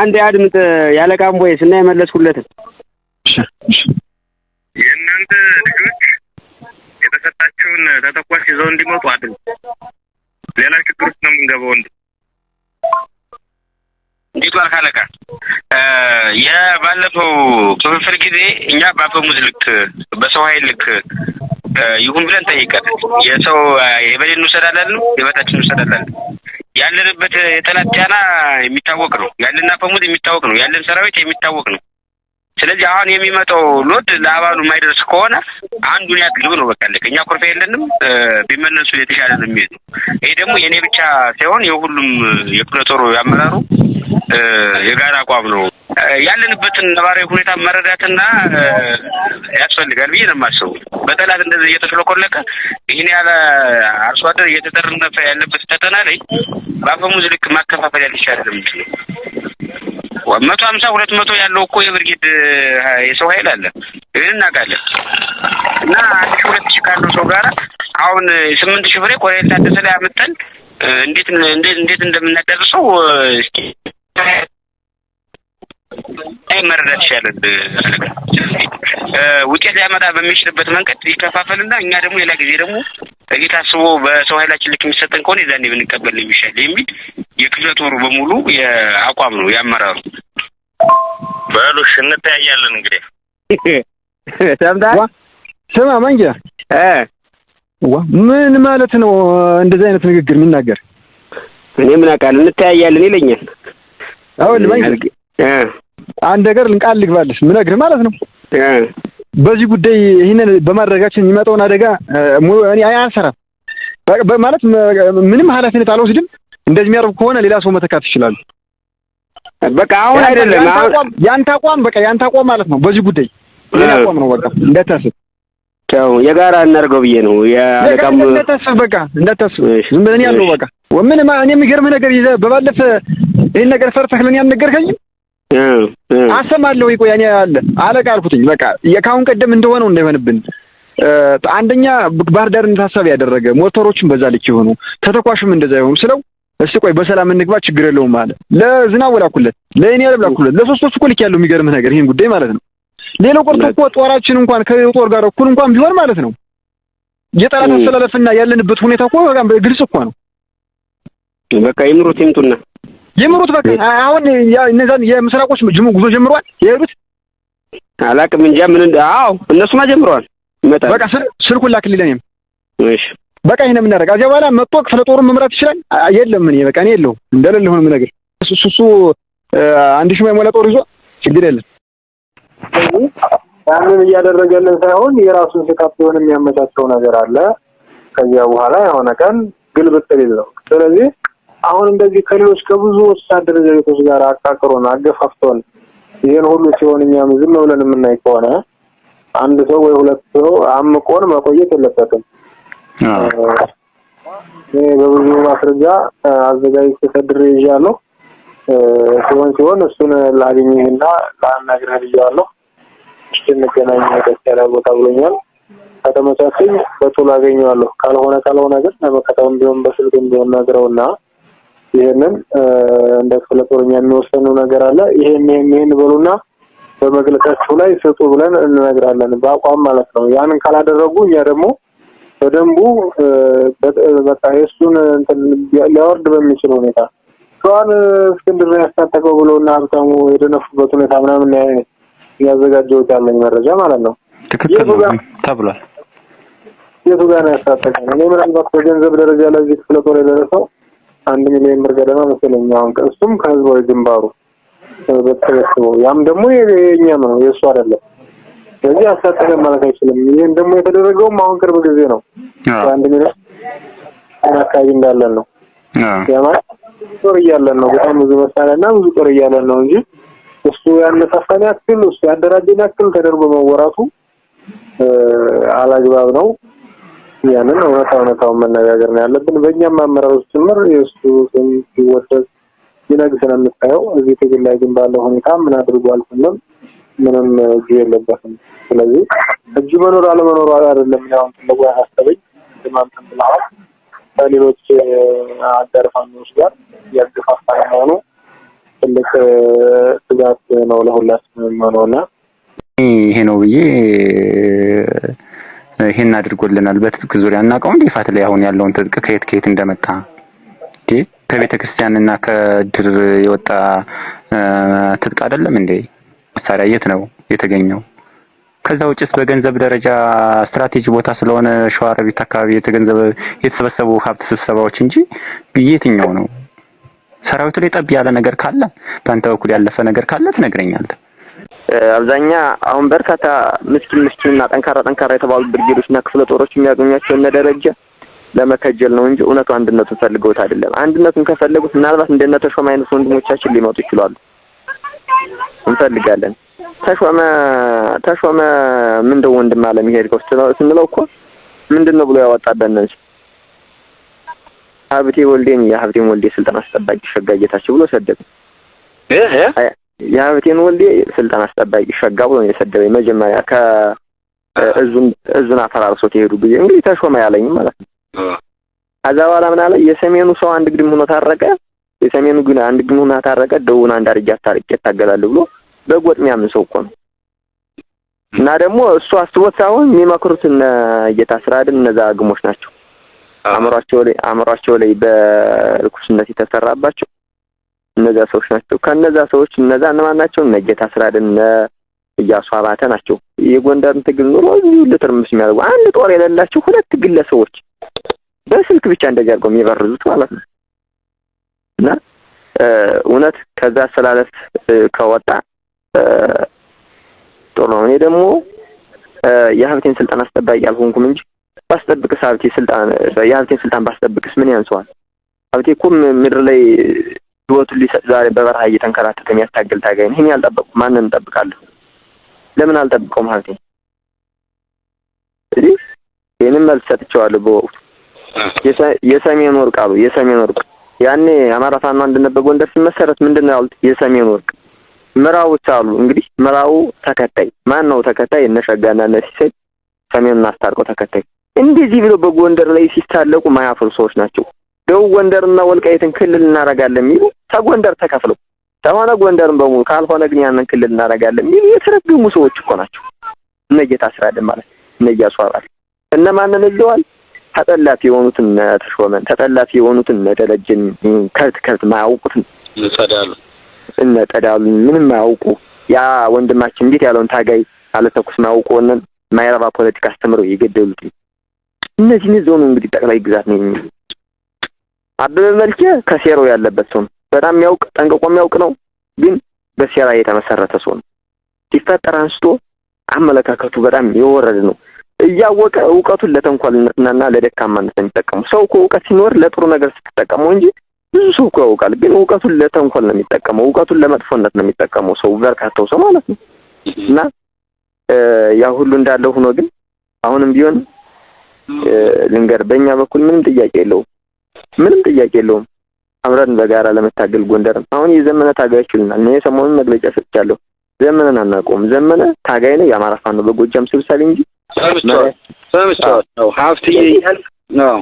አንድ አድምጥ። ያለቃም ቦይስ እና የመለስኩለትን የእናንተ ልጆች የተሰጣቸውን ተተኳሽ ይዘው እንዲመጡ አድም ሌላ ችግር ውስጥ ነው የምንገባው። እንዲ እንዴት ዋልክ አለቃ? የባለፈው ክፍፍል ጊዜ እኛ በአፈሙዝ ልክ በሰው ኃይል ልክ ይሁን ብለን ጠይቀን የሰው የበሌን እንውሰዳለን የበታችን እንውሰዳለን ያለንበት የጠላት ጫና የሚታወቅ ነው። ያለን አፈሙዝ የሚታወቅ ነው። ያለን ሰራዊት የሚታወቅ ነው። ስለዚህ አሁን የሚመጣው ሎድ ለአባሉ የማይደርስ ከሆነ አንዱን ያድርግ ነው። በቃ ለኛ ኮርፌ የለንም። ቢመለሱ የተሻለ ነው የሚሄዱ። ይሄ ደግሞ የእኔ ብቻ ሳይሆን የሁሉም የክፍለ ጦሩ ያመራሩ የጋራ አቋም ነው ያለንበትን ነባራዊ ሁኔታ መረዳትና ያስፈልጋል ብዬ ነው የማስበው። በጠላት እንደዚህ እየተሽለኮለቀ ይህን ያለ አርሶ አደር እየተጠርነፈ ያለበት ፈተና ላይ በአፈሙዝ ልክ ማከፋፈል ያልቻለ መቶ ሀምሳ ሁለት መቶ ያለው እኮ የብርጊድ የሰው ኃይል አለ፣ ይህን እናውቃለን። እና አንድ ሺ ሁለት ሺ ካለው ሰው ጋር አሁን ስምንት ሺ ብሬ ኮሬል ታደሰ ላይ እንዴት እንዴት እንደምናደርሰው ላይ መረዳት ይሻላል። ውጤት ሊያመጣ በሚችልበት መንገድ ይከፋፈልና እኛ ደግሞ ሌላ ጊዜ ደግሞ እዚህ ታስቦ በሰው ኃይላችን ልክ የሚሰጠን ከሆነ የዛኔ ብንቀበል የሚሻል የሚል የክፍለ ጦሩ በሙሉ የአቋም ነው የአመራሩ። በሉ እንተያያለን እንግዲህ ሰምተሃል። ስማ መንጃ ምን ማለት ነው እንደዚህ አይነት ንግግር የሚናገር? እኔ ምን አውቃለሁ እንተያያለን ይለኛል። አሁን መንጃ አንድ ነገር ልንቃል ልግባልሽ፣ ምነግርህ ማለት ነው። በዚህ ጉዳይ ይህንን በማድረጋችን የሚመጣውን አደጋ እኔ አልሰራም ማለት ምንም ኃላፊነት አልወስድም። እንደዚህ የሚያደርጉ ከሆነ ሌላ ሰው መተካት ይችላሉ። በቃ አሁን አይደለም ያንተ አቋም፣ በቃ ያንተ አቋም ማለት ነው። በዚህ ጉዳይ የኔ አቋም ነው። በቃ እንዳታስብ፣ ያው የጋራ እናድርገው ብዬ ነው። ያለቃም እንዳታስብ፣ በቃ እንዳታስብ፣ ዝም ብለን ያለው በቃ ወምን ማ እኔ የሚገርምህ ነገር ይዘህ በባለፈ ይህን ነገር ፈርተህ ለኔ አልነገርከኝም። አሰማለሁ። ቆይ ያኔ አለ አለቃ አልኩትኝ። በቃ ከአሁን ቀደም እንደሆነው እንዳይሆንብን አንደኛ ባህር ዳርን ታሳቢ ያደረገ ሞተሮችን በዛ ልክ የሆኑ ተተኳሽም እንደዛ የሆኑ ስለው እስቲ ቆይ በሰላም እንግባ ችግር የለውም አለ። ለዝናቡ ላኩለት፣ ለእኔ ላኩለት፣ ለሶስቶቹ እኮ ልክ ያለው የሚገርም ነገር ይህን ጉዳይ ማለት ነው። ሌላው ቀርቶ እኮ ጦራችን እንኳን ከጦር ጋር እኩል እንኳን ቢሆን ማለት ነው የጠላት አስተላለፍና ያለንበት ሁኔታ እኮ በጣም ግልጽ እኮ ነው። በቃ ይምሩ ቲምቱና ይምሩት በቃ አሁን እነዛን የምስራቆች ጅሙ ጉዞ ጀምሯል። የሄዱት አላቅም እንጃ ምን አዎ፣ እነሱማ ጀምሯል። ይመጣል በቃ ስልኩን ላክልኝ። እኔም እሺ በቃ ይሄን የምናደርግ እዚያ በኋላ መጥቶ ክፍለ ጦሩን መምራት ይችላል። የለም እኔ በቃ እኔ የለሁም እንደሌለ ሆነ የምነግር እሱ እሱ አንድ ሺህ የሞላ ጦር ይዞ ችግር የለም። ያንን እያደረገልን ሳይሆን የራሱን ስቃት ሆን የሚያመቻቸው ነገር አለ። ከዚያ በኋላ የሆነ ቀን ግልብጥ ሊል ነው። ስለዚህ አሁን እንደዚህ ከሌሎች ከብዙ ወታደር ዘሪቶች ጋር አቃቅሮን አገፋፍቶን ይሄን ሁሉ ሲሆን እኛም ዝም ብለን የምናይ ከሆነ አንድ ሰው ወይ ሁለት ሰው አምቆን መቆየት የለበትም። ይሄ በብዙ ማስረጃ አዘጋጅ ተደረ ይዣለሁ። ሲሆን ሲሆን እሱን ላግኝህና ላናግርህ ብያለሁ። እሺ እንገናኝ ደስ ያለ ቦታ ብሎኛል። ከተመቻቸኝ በቶሎ አገኘዋለሁ። ካልሆነ ካልሆነ ግን ለመከታተል ቢሆን በስልክ ቢሆን ነግረውና ይሄንን እንደ ክፍለ ጦረኛ የሚወሰነው ነገር አለ። ይሄን ይሄን ይሄን በመግለጫቸው በመግለጫችሁ ላይ ስጡ ብለን እንነግራለን፣ በአቋም ማለት ነው። ያንን ካላደረጉ እኛ ደግሞ በደንቡ በቃ የእሱን ሊያወርድ በሚችል ሁኔታ ሸዋን እስክንድር ያስታጠቀው ብሎና ሀብታሙ የደነፉበት ሁኔታ ምናምን ያዘጋጀሁት ያለኝ መረጃ ማለት ነው። ትክክል ተብሏል። የቱ ጋር ነው እኔ ምናልባት በገንዘብ ደረጃ ለዚህ ክፍለ ጦር የደረሰው አንድ ሚሊዮን ብር ገደማ መሰለኝ። አሁን እሱም ከህዝባዊ ግንባሩ በተሰበሰበው ያም ደግሞ የኛም ነው የእሱ አይደለም። ስለዚህ አሳተፈን ማለት አይችልም። ይሄን ደግሞ የተደረገውም አሁን ቅርብ ጊዜ ነው። አንድ ሚሊዮን አካባቢ እንዳለን ነው ያማል ጦር እያለን ነው። በጣም ብዙ መሳሪያ እና ብዙ ጦር እያለን ነው እንጂ እሱ ያነሳሳን ያክል እሱ ያደራጀን ያክል ተደርጎ መወራቱ አላግባብ ነው። ያንን እውነታ እውነታውን መነጋገር ነው ያለብን። በእኛም ውስጥ ጭምር የእሱ ስም ሲወደስ ይነግ ስለምታየው እዚህ ትግል ላይ ግን ባለው ሁኔታ ምን አድርጓል ስንል ምንም እጁ የለበትም። ስለዚህ እጁ መኖር አለመኖሩ አይደለም። ያሁን ትልቁ ያሳሰበኝ ድማምትን ብለዋል ከሌሎች አጋር ፋኖች ጋር ያገፋፋ መሆኑ ትልቅ ስጋት ነው ለሁላችንም ሆነና ይሄ ነው ብዬ ይሄን አድርጎልናል። በትጥቅ ዙሪያ እናውቀው እንዴ? ፋት ላይ አሁን ያለውን ትጥቅ ከየት ከየት እንደመጣ እንዴ? ከቤተ ክርስቲያን እና ከድር የወጣ ትጥቅ አይደለም እንዴ? መሳሪያ የት ነው የተገኘው? ከዛ ውጭስ በገንዘብ ደረጃ ስትራቴጂ ቦታ ስለሆነ ሸዋረቢት አካባቢ የተገንዘበ የተሰበሰቡ ሀብት ስብሰባዎች እንጂ የትኛው ነው? ሰራዊቱ ላይ ጠብ ያለ ነገር ካለ በአንተ በኩል ያለፈ ነገር ካለ ትነግረኛለህ። አብዛኛ አሁን በርካታ ምስኪን ምስኪን እና ጠንካራ ጠንካራ የተባሉ ብርጌዶች እና ክፍለ ጦሮች የሚያገኟቸው እነ ደረጀ ለመከጀል ነው እንጂ እውነቱ አንድነቱን ፈልገውት አይደለም። አንድነቱን ከፈለጉት ምናልባት እንደነ ተሾመ አይነት ወንድሞቻችን ሊመጡ ይችላሉ። እንፈልጋለን ተሾመ ተሾመ ምንድነው ወንድም አለ የሚሄድ ስንለው እኮ ምንድነው ብሎ ያወጣበን ነው። ሀብቴ ወልዴን የሀብቴን ወልዴ ስልጣን አስጠባቂ ሸጋ ጌታቸው ብሎ ሰደደ። እህ የአብቴን ወልዴ ስልጣን አስጠባቂ ሸጋ ብሎ ነው የሰደበኝ። መጀመሪያ ከእዙን እዙን አፈራርሶት የሄዱ ጊዜ እንግዲህ ተሾመ ያለኝ ማለት ነው። ከዛ በኋላ ምን አለ የሰሜኑ ሰው አንድ ግድም ሆኖ ታረቀ፣ የሰሜኑ ግን አንድ ግድም ሆኖ ታረቀ፣ ደቡብን አንድ አድርጌ አስታርቄ እታገላለሁ ብሎ በጎጥ የሚያምን ሰው እኮ ነው። እና ደግሞ እሱ አስቦት ሳይሆን የሚመክሩት እነ እየታስራድን እነዛ ግሞች ናቸው። አእምሯቸው ላይ አእምሯቸው ላይ በርኩስነት የተሰራባቸው እነዛ ሰዎች ናቸው። ከነዛ ሰዎች እነዛ እነማን ናቸው? እነ ጌታ አስራደ እነ እያሱ አባተ ናቸው። የጎንደርን ትግል ኑሮ እዚሁ ልትርምስ የሚያደርጉ አንድ ጦር የሌላቸው ሁለት ግለሰቦች በስልክ ብቻ እንደዚህ አድርገው የሚበርዙት ማለት ነው። እና እውነት ከዛ ስላለት ከወጣ ጥሩ ነው። እኔ ደግሞ የሀብቴን ስልጣን አስጠባቂ አልሆንኩም እንጂ ባስጠብቅስ ሀብቴ ስልጣን የሀብቴን ስልጣን ባስጠብቅስ ምን ያንሰዋል? ሀብቴ እኮ ምድር ላይ ህይወቱን ሊሰጥ ዛሬ በበረሃ እየተንከራተተ የሚያታግል ታጋይ ነው። ይህን ያልጠበቁ ማንን እንጠብቃለሁ? ለምን አልጠብቀውም ማለት ነው። ይህንን መልስ ሰጥቼዋለሁ በወቅቱ የሰሜን ወርቅ አሉ። የሰሜን ወርቅ ያኔ አማራ ፋኖ አንድነት ጎንደር ሲመሰረት ምንድን ነው ያሉት? የሰሜን ወርቅ ምራዎች አሉ። እንግዲህ ምራው ተከታይ ማን ነው ተከታይ? እነ ሸጋና እነ ሲሳይ ሰሜኑን አስታርቀው ተከታይ እንደዚህ ብሎ በጎንደር ላይ ሲታለቁ ማያፈሩ ሰዎች ናቸው። ደቡብ ጎንደርና ወልቃይትን ክልል እናደርጋለን የሚሉ ተጎንደር ተከፍለው ተሆነ ጎንደርን በሙሉ ካልሆነ ግን ያንን ክልል እናደርጋለን የሚሉ የተረገሙ ሰዎች እኮ ናቸው። እነጌታ ስራልን ማለት እነ እነያሱ አባል እነማንን እለዋል ተጠላፊ የሆኑትን ተሾመን ተጠላፊ የሆኑትን ደረጀን ከብት ከብት ማያውቁትን እነጠዳሉ እንጸዳሉ ምንም ማያውቁ ያ ወንድማችን እንዴት ያለውን ታጋይ አለተኩስ ማያውቁ ማይረባ ፖለቲካ አስተምረው የገደሉት እነዚህን ይዘው እንግዲህ ጠቅላይ ግዛት ነው የሚሉ አበበ መልኬ ከሴራው ያለበት ሰው ነው። በጣም የሚያውቅ ጠንቅቆ የሚያውቅ ነው፣ ግን በሴራ የተመሰረተ ሰው ነው። ሲፈጠር አንስቶ አመለካከቱ በጣም የወረደ ነው። እያወቀ እውቀቱን ለተንኳልነትና ለደካማነት ነው የሚጠቀመው። ሰው እኮ እውቀት ሲኖር ለጥሩ ነገር ስትጠቀመው እንጂ ብዙ ሰው እኮ ያውቃል፣ ግን እውቀቱን ለተንኮል ነው የሚጠቀመው። እውቀቱን ለመጥፎነት ነው የሚጠቀመው ሰው በርካታው ሰው ማለት ነው። እና ያ ሁሉ እንዳለ ሆኖ ግን አሁንም ቢሆን ልንገር፣ በእኛ በኩል ምንም ጥያቄ የለውም። ምንም ጥያቄ የለውም። አብረን በጋራ ለመታገል ጎንደርም አሁን የዘመነ ታጋይ ይሉናል። እኔ ሰሞኑን መግለጫ ሰጥቻለሁ። ዘመነን አናውቀውም። ዘመነ ታጋይ ነው፣ የአማራ ፋኖ ነው። በጎጃም ሰብሳቢ እንጂ ሰምቼዋለሁ። ሀብትዬ እያልክ ነው